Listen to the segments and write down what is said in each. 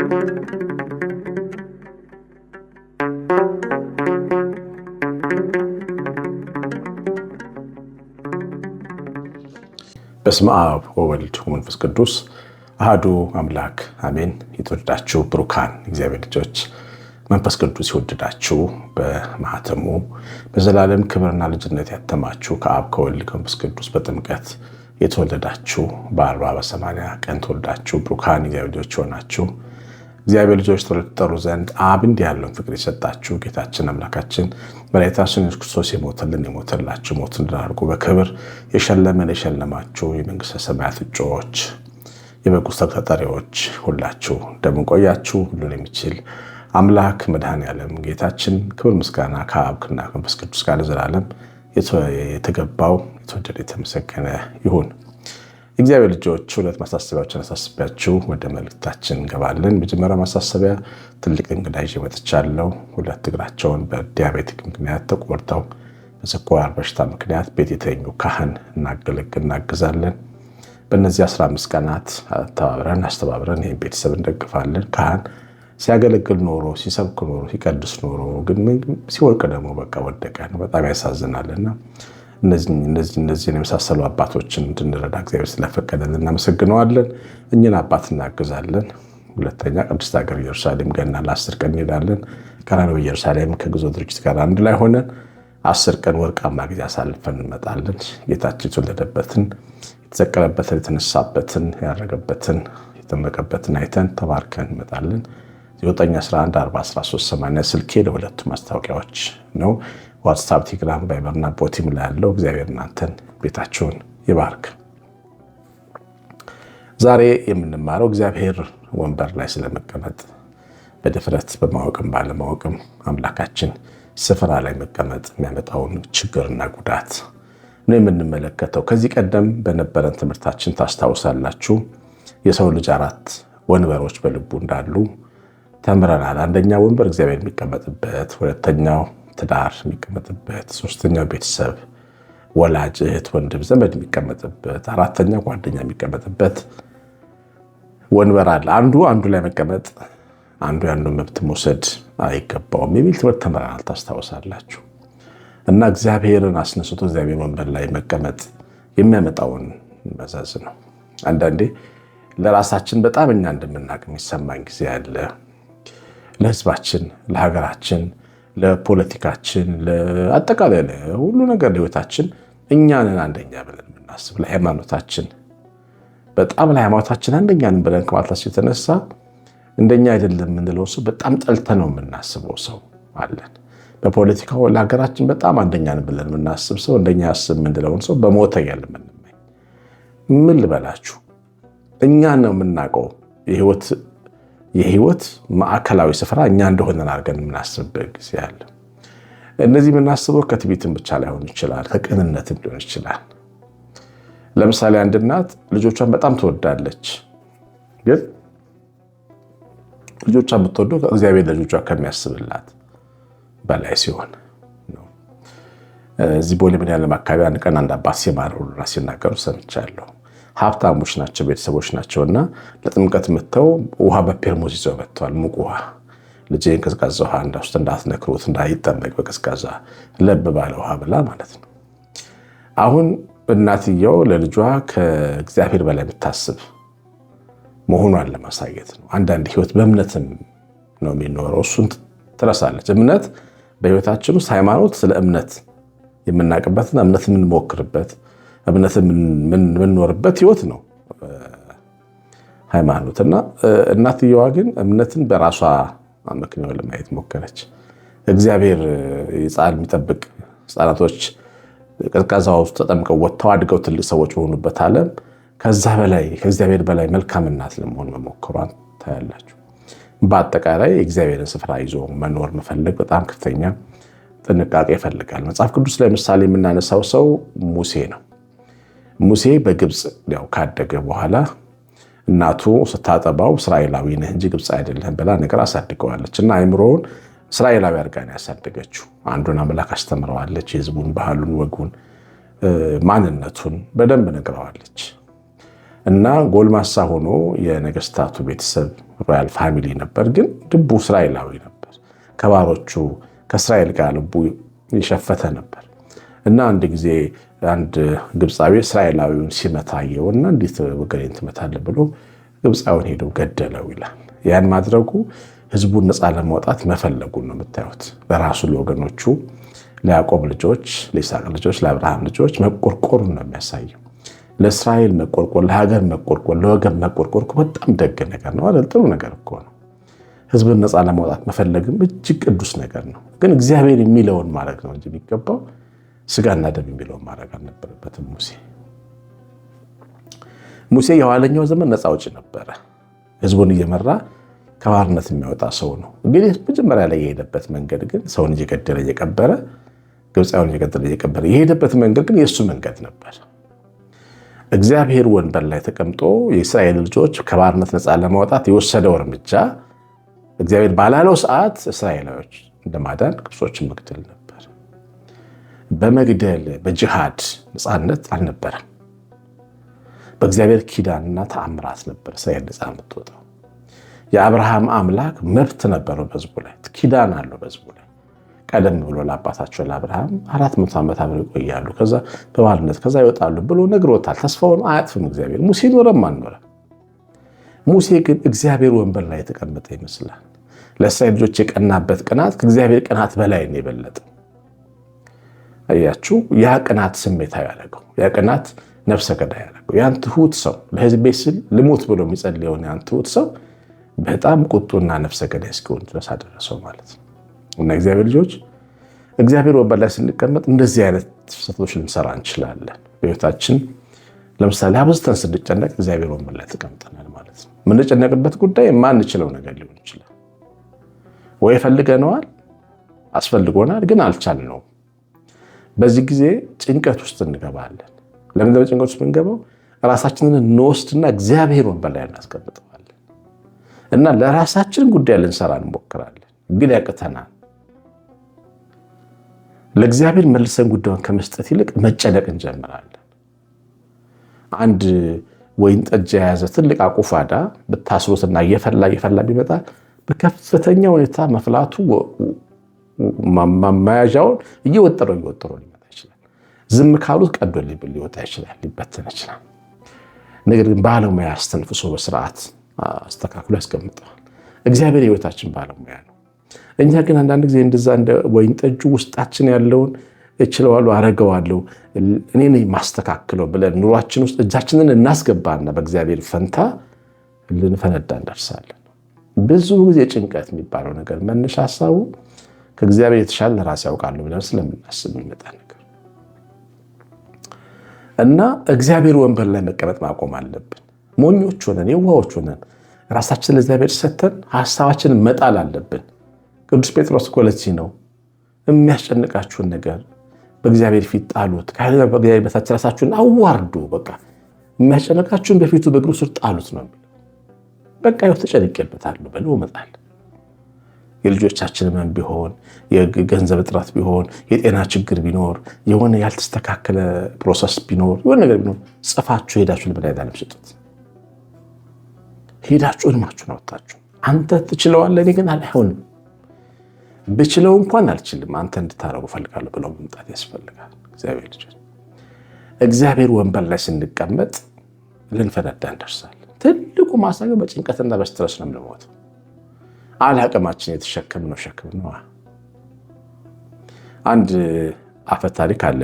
በስመ አብ ወወልድ ወመንፈስ ቅዱስ አህዱ አምላክ አሜን። የተወደዳችሁ ብሩካን እግዚአብሔር ልጆች መንፈስ ቅዱስ የወደዳችሁ በማህተሙ በዘላለም ክብርና ልጅነት ያተማችሁ ከአብ ከወልድ ከመንፈስ ቅዱስ በጥምቀት የተወለዳችሁ በአርባ በሰማንያ ቀን ተወልዳችሁ ብሩካን እግዚአብሔር ልጆች የሆናችሁ እግዚአብሔር ልጆች ተብላችሁ ትጠሩ ዘንድ አብ እንዲህ ያለውን ፍቅር የሰጣችሁ ጌታችን አምላካችን መድኃኒታችን ኢየሱስ ክርስቶስ የሞተልን የሞተላችሁ ሞት ድል በክብር የሸለመን የሸለማችሁ የመንግስተ ሰማያት እጩዎች የበጉ ሰርግ ተጠሪዎች ሁላችሁ እንደምን ቆያችሁ? ሁሉን የሚችል አምላክ መድኃኔ ዓለም ጌታችን ክብር ምስጋና ከአብ ከወልድና ከመንፈስ ቅዱስ ጋር ለዘላለም የተገባው የተወደደ የተመሰገነ ይሁን። የእግዚአብሔር ልጆች ሁለት ማሳሰቢያዎችን አሳስቢያችሁ ወደ መልእክታችን እንገባለን። መጀመሪያ ማሳሰቢያ፣ ትልቅ እንግዳ ይዤ መጥቻለሁ። ሁለት እግራቸውን በዲያቤቲክ ምክንያት ተቆርጠው በስኳር በሽታ ምክንያት ቤት የተኙ ካህን እናገለግ እናግዛለን። በእነዚህ 15 ቀናት ተባብረን አስተባብረን ይህን ቤተሰብ እንደግፋለን። ካህን ሲያገለግል ኖሮ ሲሰብክ ኖሮ ሲቀድስ ኖሮ ግን ሲወርቅ ደግሞ በቃ ወደቀ ነው። በጣም ያሳዝናልና እነዚህ እነዚህን የመሳሰሉ አባቶችን እንድንረዳ እግዚአብሔር ስለፈቀደልን እናመሰግነዋለን። እኝን አባት እናግዛለን። ሁለተኛ ቅድስት ሀገር ኢየሩሳሌም ገና ለአስር ቀን እንሄዳለን። ቀራንዮ ኢየሩሳሌም ከጉዞ ድርጅት ጋር አንድ ላይ ሆነን አስር ቀን ወርቃማ ጊዜ አሳልፈን እንመጣለን። ጌታችን የተወለደበትን፣ የተሰቀለበትን፣ የተነሳበትን፣ ያረገበትን፣ የተመቀበትን አይተን ተባርከን እንመጣለን። 11 43 80 ስልኬ ለሁለቱ ማስታወቂያዎች ነው። ዋትሳፕ፣ ቴሌግራም፣ ቫይበርና ቦቲም ላይ ያለው እግዚአብሔር እናንተን ቤታችሁን ይባርክ። ዛሬ የምንማረው እግዚአብሔር ወንበር ላይ ስለመቀመጥ በድፍረት በማወቅም ባለማወቅም አምላካችን ስፍራ ላይ መቀመጥ የሚያመጣውን ችግርና ጉዳት ነው የምንመለከተው። ከዚህ ቀደም በነበረን ትምህርታችን ታስታውሳላችሁ የሰው ልጅ አራት ወንበሮች በልቡ እንዳሉ ተምረናል። አንደኛ ወንበር እግዚአብሔር የሚቀመጥበት፣ ሁለተኛው ትዳር የሚቀመጥበት፣ ሶስተኛው ቤተሰብ ወላጅ፣ እህት፣ ወንድም፣ ዘመድ የሚቀመጥበት፣ አራተኛ ጓደኛ የሚቀመጥበት ወንበር አለ። አንዱ አንዱ ላይ መቀመጥ አንዱ ያንዱን መብት መውሰድ አይገባውም የሚል ትምህርት ተምረናል፣ ታስታውሳላችሁ። እና እግዚአብሔርን አስነስቶ እግዚአብሔር ወንበር ላይ መቀመጥ የሚያመጣውን መዘዝ ነው። አንዳንዴ ለራሳችን በጣም እኛ እንደምናቅ የሚሰማን ጊዜ አለ። ለህዝባችን ለሀገራችን ለፖለቲካችን፣ አጠቃላይ ሁሉ ነገር ለህይወታችን እኛንን አንደኛ ብለን የምናስብ ለሃይማኖታችን በጣም ለሃይማኖታችን አንደኛንን ብለን ከማለት የተነሳ እንደኛ አይደለም የምንለው ሰው በጣም ጠልተ ነው የምናስበው ሰው አለን። በፖለቲካው ለሀገራችን በጣም አንደኛን ብለን የምናስብ ሰው እንደኛ ያስብ የምንለውን ሰው በሞተ ያል የምንመኝ ምን ልበላችሁ፣ እኛን ነው የምናውቀው የህይወት የህይወት ማዕከላዊ ስፍራ እኛ እንደሆነ አድርገን የምናስብበት ጊዜ አለ። እነዚህ የምናስበው ከትቢትን ብቻ ላይሆን ይችላል፣ ከቅንነትም ሊሆን ይችላል። ለምሳሌ አንድ እናት ልጆቿን በጣም ትወዳለች። ግን ልጆቿን የምትወደው እግዚአብሔር ለልጆቿ ከሚያስብላት በላይ ሲሆን እዚህ ቦሌ ምን ያለም አካባቢ አንድ ቀን አንድ አባት ሲማር ሁሉ ሲናገሩ ሰምቻለሁ። ሀብታሞች ናቸው፣ ቤተሰቦች ናቸው እና ለጥምቀት መጥተው ውሃ በፔርሙዝ ይዘው መጥተዋል። ሙቅ ውሃ ልጄን ቀዝቃዛ ውሃ እንዳውስጥ እንዳትነክሩት እንዳይጠመቅ በቀዝቃዛ ለብ ባለ ውሃ ብላ ማለት ነው። አሁን እናትየው ለልጇ ከእግዚአብሔር በላይ የምታስብ መሆኗን ለማሳየት ነው። አንዳንድ ህይወት በእምነትም ነው የሚኖረው። እሱን ትረሳለች። እምነት በህይወታችን ውስጥ ሃይማኖት ስለ እምነት የምናውቅበትና እምነት የምንሞክርበት እምነትን የምንኖርበት ህይወት ነው ሃይማኖት እና እናትየዋ ግን እምነትን በራሷ አመክንዮ ለማየት ሞከረች። እግዚአብሔር ጻል የሚጠብቅ ህፃናቶች ቀዝቃዛ ውስጥ ተጠምቀው ወጥተው አድገው ትልቅ ሰዎች በሆኑበት ዓለም ከዛ በላይ ከእግዚአብሔር በላይ መልካም እናት ለመሆን መሞከሯን ታያላችሁ። በአጠቃላይ የእግዚአብሔርን ስፍራ ይዞ መኖር መፈለግ በጣም ከፍተኛ ጥንቃቄ ይፈልጋል። መጽሐፍ ቅዱስ ላይ ምሳሌ የምናነሳው ሰው ሙሴ ነው። ሙሴ በግብፅ ያው ካደገ በኋላ እናቱ ስታጠባው እስራኤላዊ ነህ እንጂ ግብፅ አይደለህም ብላ ነገር አሳድገዋለች እና አይምሮውን እስራኤላዊ አድርጋ ነው ያሳደገችው። አንዱን አምላክ አስተምረዋለች። የህዝቡን ባህሉን፣ ወጉን፣ ማንነቱን በደንብ ነግረዋለች እና ጎልማሳ ሆኖ የነገስታቱ ቤተሰብ ሮያል ፋሚሊ ነበር፣ ግን ልቡ እስራኤላዊ ነበር። ከባሮቹ ከእስራኤል ጋር ልቡ የሸፈተ ነበር እና አንድ ጊዜ አንድ ግብፃዊ እስራኤላዊውን ሲመታ የውና እንዴት ወገኔን ትመታለህ ብሎ ግብፃዊን ሄዶ ገደለው ይላል። ያን ማድረጉ ህዝቡን ነፃ ለማውጣት መፈለጉን ነው የምታዩት። ለራሱ ለወገኖቹ፣ ለያዕቆብ ልጆች፣ ለይስሐቅ ልጆች፣ ለአብርሃም ልጆች መቆርቆሩን ነው የሚያሳየው። ለእስራኤል መቆርቆር፣ ለሀገር መቆርቆር፣ ለወገን መቆርቆር በጣም ደግ ነገር ነው አይደል? ጥሩ ነገር እኮ ነው። ህዝብን ነፃ ለማውጣት መፈለግም እጅግ ቅዱስ ነገር ነው። ግን እግዚአብሔር የሚለውን ማድረግ ነው እንጂ የሚገባው ስጋና ደም የሚለውን ማድረግ አልነበረበትም። ሙሴ ሙሴ የኋለኛው ዘመን ነፃ አውጪ ነበረ። ህዝቡን እየመራ ከባርነት የሚያወጣ ሰው ነው። እንግዲህ መጀመሪያ ላይ የሄደበት መንገድ ግን ሰውን እየገደለ እየቀበረ ግብፃውን እየገደለ እየቀበረ የሄደበት መንገድ ግን የእሱ መንገድ ነበር። እግዚአብሔር ወንበር ላይ ተቀምጦ የእስራኤል ልጆች ከባርነት ነፃ ለማውጣት የወሰደው እርምጃ እግዚአብሔር ባላለው ሰዓት እስራኤላዎች እንደማዳን ግብጾችን መግደል ነው። በመግደል በጅሃድ ነፃነት አልነበረም። በእግዚአብሔር ኪዳንና ተአምራት ነበር እስራኤል ነፃ የምትወጣው። የአብርሃም አምላክ መብት ነበረው በህዝቡ ላይ ኪዳን አለው በህዝቡ ላይ ቀደም ብሎ ለአባታቸው ለአብርሃም አራት መቶ ዓመት አብረው ይቆያሉ፣ ከዛ በባርነት ከዛ ይወጣሉ ብሎ ነግሮታል። ተስፋውን አያጥፍም እግዚአብሔር። ሙሴ ኖረም አልኖረም። ሙሴ ግን እግዚአብሔር ወንበር ላይ የተቀመጠ ይመስላል። ለእስራኤል ልጆች የቀናበት ቅናት ከእግዚአብሔር ቅናት በላይ ነው የበለጠ አያችሁ፣ ያ ቅናት ስሜታዊ ያደረገው፣ ያ ቅናት ነፍሰ ገዳይ ያደረገው። ያን ትሁት ሰው ለህዝቤ ስል ልሙት ብሎ የሚጸልየውን ያን ትሁት ሰው በጣም ቁጡና ነፍሰ ገዳይ እስኪሆን ድረስ አደረሰው ማለት ነው። እና እግዚአብሔር ልጆች እግዚአብሔር ወንበር ላይ ስንቀመጥ እንደዚህ አይነት ስህተቶች ልንሰራ እንችላለን። በህይወታችን ለምሳሌ አብዝተን ስንጨነቅ እግዚአብሔር ወንበር ላይ ተቀምጠናል ማለት ነው። የምንጨነቅበት ጉዳይ የማንችለው ነገር ሊሆን ይችላል። ወይ ፈልገነዋል፣ አስፈልጎናል፣ ግን አልቻልነውም በዚህ ጊዜ ጭንቀት ውስጥ እንገባለን። ለምን ጭንቀት ውስጥ የምንገባው? ራሳችንን እንወስድና እግዚአብሔር ወንበር ላይ እናስቀምጠዋለን እና ለራሳችን ጉዳይ ልንሰራ እንሞክራለን፣ ግን ያቅተናል። ለእግዚአብሔር መልሰን ጉዳዩን ከመስጠት ይልቅ መጨነቅ እንጀምራለን። አንድ ወይን ጠጅ የያዘ ትልቅ አቁፋዳ ብታስሩትና እየፈላ እየፈላ ቢመጣ በከፍተኛ ሁኔታ መፍላቱ ማያዣውን እየወጠረው እየወጠረው ሊመጣ ይችላል። ዝም ካሉት ቀዶ ሊወጣ ይችላል፣ ሊበተን ይችላል። ነገር ግን ባለሙያ አስተንፍሶ በስርዓት አስተካክሎ ያስቀምጠዋል። እግዚአብሔር ህይወታችን ባለሙያ ነው። እኛ ግን አንዳንድ ጊዜ እንደዛ እንደ ወይን ጠጁ ውስጣችን ያለውን እችለዋለሁ፣ አረገዋለሁ፣ እኔ ማስተካክለው ብለን ኑሯችን ውስጥ እጃችንን እናስገባና በእግዚአብሔር ፈንታ ልንፈነዳ እንደርሳለን። ብዙ ጊዜ ጭንቀት የሚባለው ነገር መነሻ ሀሳቡ ከእግዚአብሔር የተሻለ ራስ ያውቃሉ ብለን ስለምናስብ የሚመጣ ነገር እና እግዚአብሔር ወንበር ላይ መቀመጥ ማቆም አለብን። ሞኞች ሆነን የዋዎች ሆነን ራሳችን ለእግዚአብሔር ሰተን ሀሳባችን መጣል አለብን። ቅዱስ ጴጥሮስ እኮ ለዚህ ነው የሚያስጨንቃችሁን ነገር በእግዚአብሔር ፊት ጣሉት፣ ከእግዚአብሔር በታች ራሳችሁን አዋርዱ። በቃ የሚያስጨንቃችሁን በፊቱ በእግሩ ስር ጣሉት ነው በቃ ይኸው ተጨንቄበታለሁ በለው መጣል። የልጆቻችን ህመም ቢሆን የገንዘብ እጥረት ቢሆን የጤና ችግር ቢኖር የሆነ ያልተስተካከለ ፕሮሰስ ቢኖር የሆነ ነገር ቢኖር ጽፋችሁ ሄዳችሁ ለመድኃኒዓለም ስጡት። ሄዳችሁ ህልማችሁን አወጣችሁ። አንተ ትችለዋለህ፣ እኔ ግን አልሆንም፣ ብችለው እንኳን አልችልም፣ አንተ እንድታረጉ እፈልጋለሁ ብለው መምጣት ያስፈልጋል። እግዚአብሔር ልጆች እግዚአብሔር ወንበር ላይ ስንቀመጥ ልንፈነዳ እንደርሳለን። ትልቁ ማሳያ በጭንቀትና በስትረስ ነው የምንሞተው። አለ አቅማችን የተሸከምነው ሸክም ነው። አንድ አፈ ታሪክ አለ።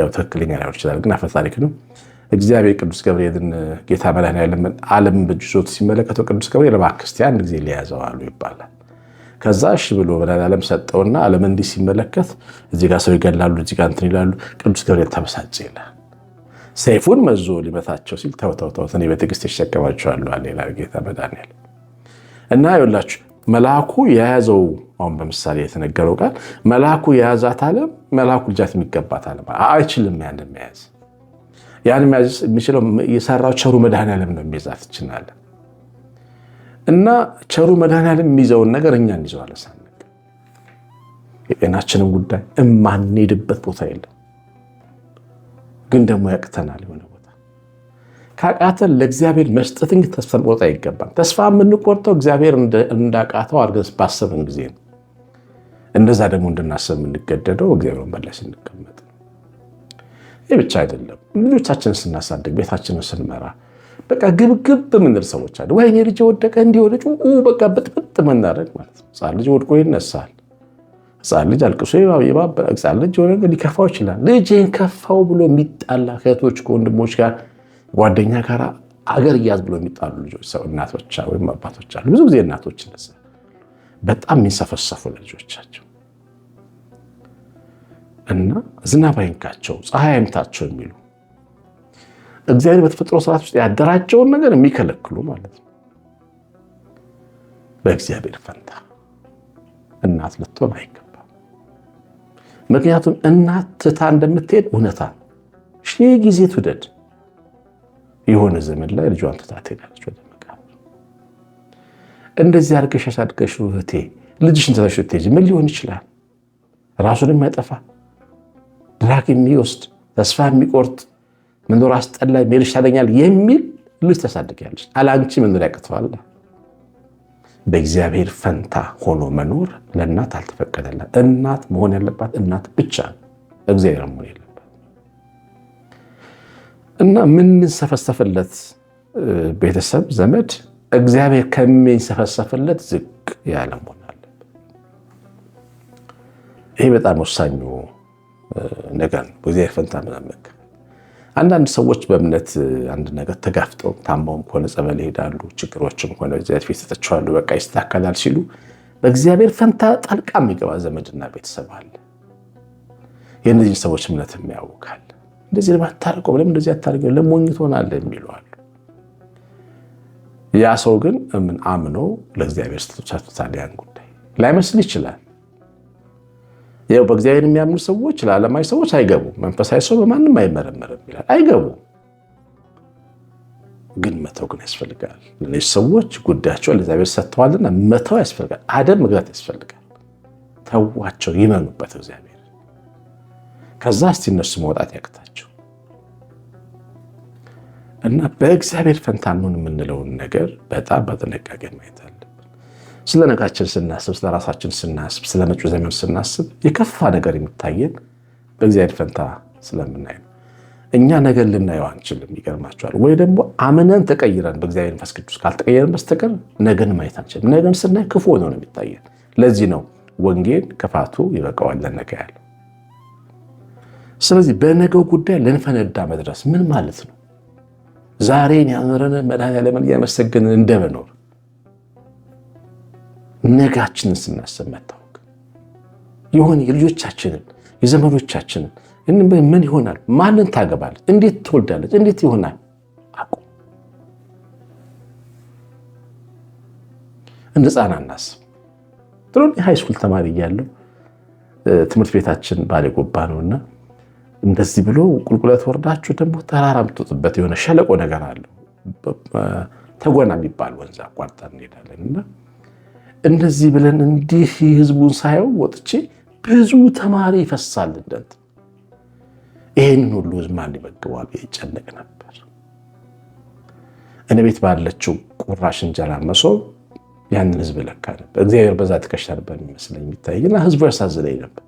ያው ትክክለኛ ላይሆን ይችላል፣ ግን አፈ ታሪክ ነው። እግዚአብሔር ቅዱስ ገብርኤልን ጌታ መድኃኒዓለም ዓለምን በእጁ ይዞት ሲመለከተው ቅዱስ ገብርኤል እባክህ እስኪ አንድ ጊዜ ሊያዘው አሉ ይባላል። ከዛ እሺ ብሎ መድኃኒዓለም ሰጠውና ዓለም እንዲህ ሲመለከት እዚህ ጋር ሰው ይገላሉ፣ እዚህ ጋር እንትን ይላሉ። ቅዱስ ገብርኤል ተበሳጭ ይላል። ሰይፉን መዞ ሊመታቸው ሲል ተው ተው ተው፣ እኔ በትዕግስት ይሸከማቸዋለሁ አለ ጌታ መድኃኒዓለም እና ይኸውላችሁ መልአኩ የያዘው አሁን በምሳሌ የተነገረው ቃል መልአኩ የያዛት ዓለም መልአኩ ልጃት የሚገባት ዓለም አይችልም። ያን መያዝ ያን መያዝ የሚችለው የሰራው ቸሩ መድኃኔዓለም ነው። የሚይዛት ይችላል እና ቸሩ መድኃኔዓለም የሚይዘውን ነገር እኛ እንይዘዋለን ሳንል የጤናችንም ጉዳይ እማንሄድበት ቦታ የለም፣ ግን ደግሞ ያቅተናል የሆነ ካቃተን ለእግዚአብሔር መስጠትን ተስፋ ልንቆርጥ አይገባም። ተስፋ የምንቆርጠው እግዚአብሔር እንዳቃተው አድርገን ባሰብን ጊዜ ነው። እንደዛ ደግሞ እንድናሰብ የምንገደደው እግዚአብሔር ወንበር ላይ ስንቀመጥ። ይህ ብቻ አይደለም። ልጆቻችንን ስናሳድግ፣ ቤታችንን ስንመራ በቃ ግብግብ ምንል ሰዎች አለ። ወይኔ ልጅ ወደቀ እንዲሆነ በቃ ብጥብጥ መናደግ ማለት ነው። ሕፃን ልጅ ወድቆ ይነሳል። ሕፃን ልጅ አልቅሶ ይባበ፣ ሕፃን ልጅ ሆነ ሊከፋው ይችላል። ልጅን ከፋው ብሎ የሚጣላ ከእህቶች ከወንድሞች ጋር ጓደኛ ጋር አገር እያዝ ብሎ የሚጣሉ ልጆች ሰው እናቶች ወይም አባቶች አሉ። ብዙ ጊዜ እናቶች እንደዛ በጣም የሚንሰፈሰፉ ለልጆቻቸው እና ዝናብ አይንካቸው፣ ፀሐይ አይምታቸው የሚሉ እግዚአብሔር በተፈጥሮ ስርዓት ውስጥ ያደራቸውን ነገር የሚከለክሉ ማለት ነው። በእግዚአብሔር ፈንታ እናት ልትሆን አይገባም። ምክንያቱም እናት ትታ እንደምትሄድ እውነታ ሺህ ጊዜ ትውደድ የሆነ ዘመን ላይ ልጇን ትታ ትሄዳለች ወደ መቃብር። እንደዚህ አድርገሽ አሳድገሽው እህቴ ልጅሽን ትተሽ ስትሄጂ ምን ሊሆን ይችላል? ራሱን የሚያጠፋ ድራግ የሚወስድ ተስፋ የሚቆርጥ መኖር አስጠላኝ ሜልሽ ታደኛል የሚል ልጅ ታሳድጊያለሽ። አላንቺ መኖር ያቅተዋል። በእግዚአብሔር ፈንታ ሆኖ መኖር ለእናት አልተፈቀደለ። እናት መሆን ያለባት እናት ብቻ ነው፣ እግዚአብሔር መሆን የለም። እና የምንሰፈሰፍለት ቤተሰብ ዘመድ እግዚአብሔር ከሚንሰፈሰፍለት ዝቅ ያለ መሆን አለበት። ይሄ በጣም ወሳኙ ነገር ነው። በእግዚአብሔር ፈንታ ምናምን አንዳንድ ሰዎች በእምነት አንድ ነገር ተጋፍጠው ታማውም ከሆነ ጸበል ይሄዳሉ፣ ችግሮችም ሆነ እግዚአብሔር ፊት ተተቸዋሉ፣ በቃ ይስተካከላል ሲሉ በእግዚአብሔር ፈንታ ጣልቃ የሚገባ ዘመድና ቤተሰብ አለ። የእነዚህን ሰዎች እምነትም ያውካል። እንደዚህ ለምን ብለም ለምን እንደዚህ አታርገው? ለሞኝ ትሆናለህ የሚለዋል። ያ ሰው ግን ምን አምኖ ለእግዚአብሔር ስተቻችታል። ያን ጉዳይ ላይመስል ይችላል። ያው በእግዚአብሔር የሚያምኑ ሰዎች ለዓለማዊ ሰዎች አይገቡም። መንፈሳዊ ሰው በማንም አይመረመርም ይላል። አይገቡም ግን መተው ግን ያስፈልጋል። ሌሎች ሰዎች ጉዳያቸውን ለእግዚአብሔር ሰጥተዋልና መተው ያስፈልጋል። አደብ መግዛት ያስፈልጋል። ተዋቸው፣ ይመኑበት እግዚአብሔር ከዛ እስቲ እነሱ መውጣት ያቅታቸው እና በእግዚአብሔር ፈንታ ምን የምንለውን ነገር በጣም በጥንቃቄ ማየት አለብን። ስለ ነጋችን ስናስብ፣ ስለ ራሳችን ስናስብ፣ ስለ መጪው ዘመን ስናስብ የከፋ ነገር የሚታየን በእግዚአብሔር ፈንታ ስለምናይ ነው። እኛ ነገር ልናየው አንችልም። ይገርማቸዋል። ወይ ደግሞ አምነን ተቀይረን በእግዚአብሔር መንፈስ ቅዱስ ካልተቀየረን በስተቀር ነገን ማየት አንችልም። ነገን ስናይ ክፉ ሆኖ ነው የሚታየን። ለዚህ ነው ወንጌል ክፋቱ ይበቃዋል ለነገ ያለው ስለዚህ በነገው ጉዳይ ልንፈነዳ መድረስ ምን ማለት ነው? ዛሬን ያኖረን መድኃኔዓለምን እያመሰገንን እንደመኖር ነጋችንን ስናስብ መታወቅ ይሁን የልጆቻችንን የዘመዶቻችንን ምን ይሆናል? ማንን ታገባለች? እንዴት ትወልዳለች? እንዴት ይሆናል? አቁም። እንደ ሕፃን እናስብ። ጥሩ ሃይስኩል ተማሪ እያለሁ ትምህርት ቤታችን ባሌ ጎባ ነውና እንደዚህ ብሎ ቁልቁለት ወርዳችሁ ደግሞ ተራራ የምትወጡበት የሆነ ሸለቆ ነገር አለው። ተጎና የሚባል ወንዝ አቋርጠን እንሄዳለን እና እንደዚህ ብለን እንዲህ ህዝቡን ሳየው ወጥቼ ብዙ ተማሪ ይፈሳል እንደት ይህንን ሁሉ ህዝብ ማን ይመግበዋል? ይጨነቅ ነበር። እኔ ቤት ባለችው ቁራሽ እንጀራ መሶብ ያንን ህዝብ ለካ ነበር። እግዚአብሔር በዛ ትከሻ ነበር የሚመስለኝ የሚታይና ህዝቡ ያሳዝነኝ ነበር።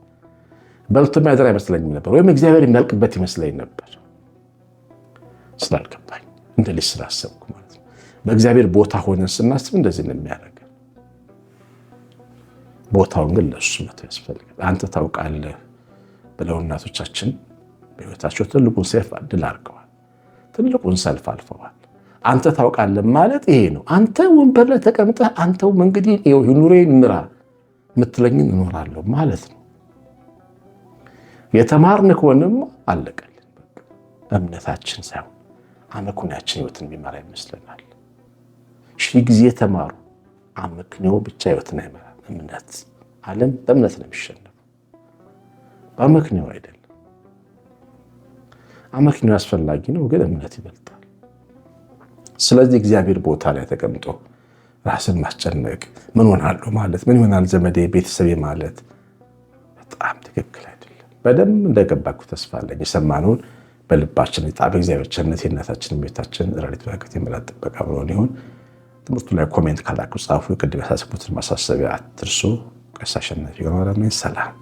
በልቶ የሚያድር አይመስለኝም ነበር፣ ወይም እግዚአብሔር የሚያልቅበት ይመስለኝ ነበር። ስላልገባኝ እንደ ልጅ ስላሰብኩ ማለት ነው። በእግዚአብሔር ቦታ ሆነን ስናስብ እንደዚህ ነው የሚያደርገን። ቦታውን ግን ለእሱ መተው ያስፈልጋል። አንተ ታውቃለህ ብለው እናቶቻችን በህይወታቸው ትልቁን ሰይፍ ድል አድርገዋል። ትልቁን ሰልፍ አልፈዋል። አንተ ታውቃለህ ማለት ይሄ ነው። አንተ ወንበር ላይ ተቀምጠህ አንተውም እንግዲህ ኑሬን ምራ የምትለኝን እኖራለሁ ማለት ነው። የተማርን ከሆንም አለቀልን። እምነታችን ሳይሆን አመክንዮአችን ህይወትን የሚመራ ይመስለናል። ሺህ ጊዜ ተማሩ፣ አመክንዮ ብቻ ህይወትን አይመራ። እምነት ዓለም በእምነት ነው የሚሸነፈው፣ በአመክንዮ አይደለም። አመክንዮ አስፈላጊ ነው፣ ግን እምነት ይበልጣል። ስለዚህ እግዚአብሔር ቦታ ላይ ተቀምጦ ራስን ማስጨነቅ ምን ሆናሉ ማለት ምን ይሆናል ዘመዴ ቤተሰቤ ማለት በጣም ትክክል በደንብ እንደገባኩ ተስፋ አለኝ። የሰማነውን በልባችን ጣ እግዚአብሔር ቸርነት የእናታችን ቤታችን ረድኤት በረከት የመላ ጥበቃ አብሮን ይሁን። ትምህርቱ ላይ ኮሜንት ካላችሁ ጻፉ። ቅድም ያሳሰብኩትን ማሳሰቢያ አትርሱ። ቀሲስ አሸናፊ ገና ሰላም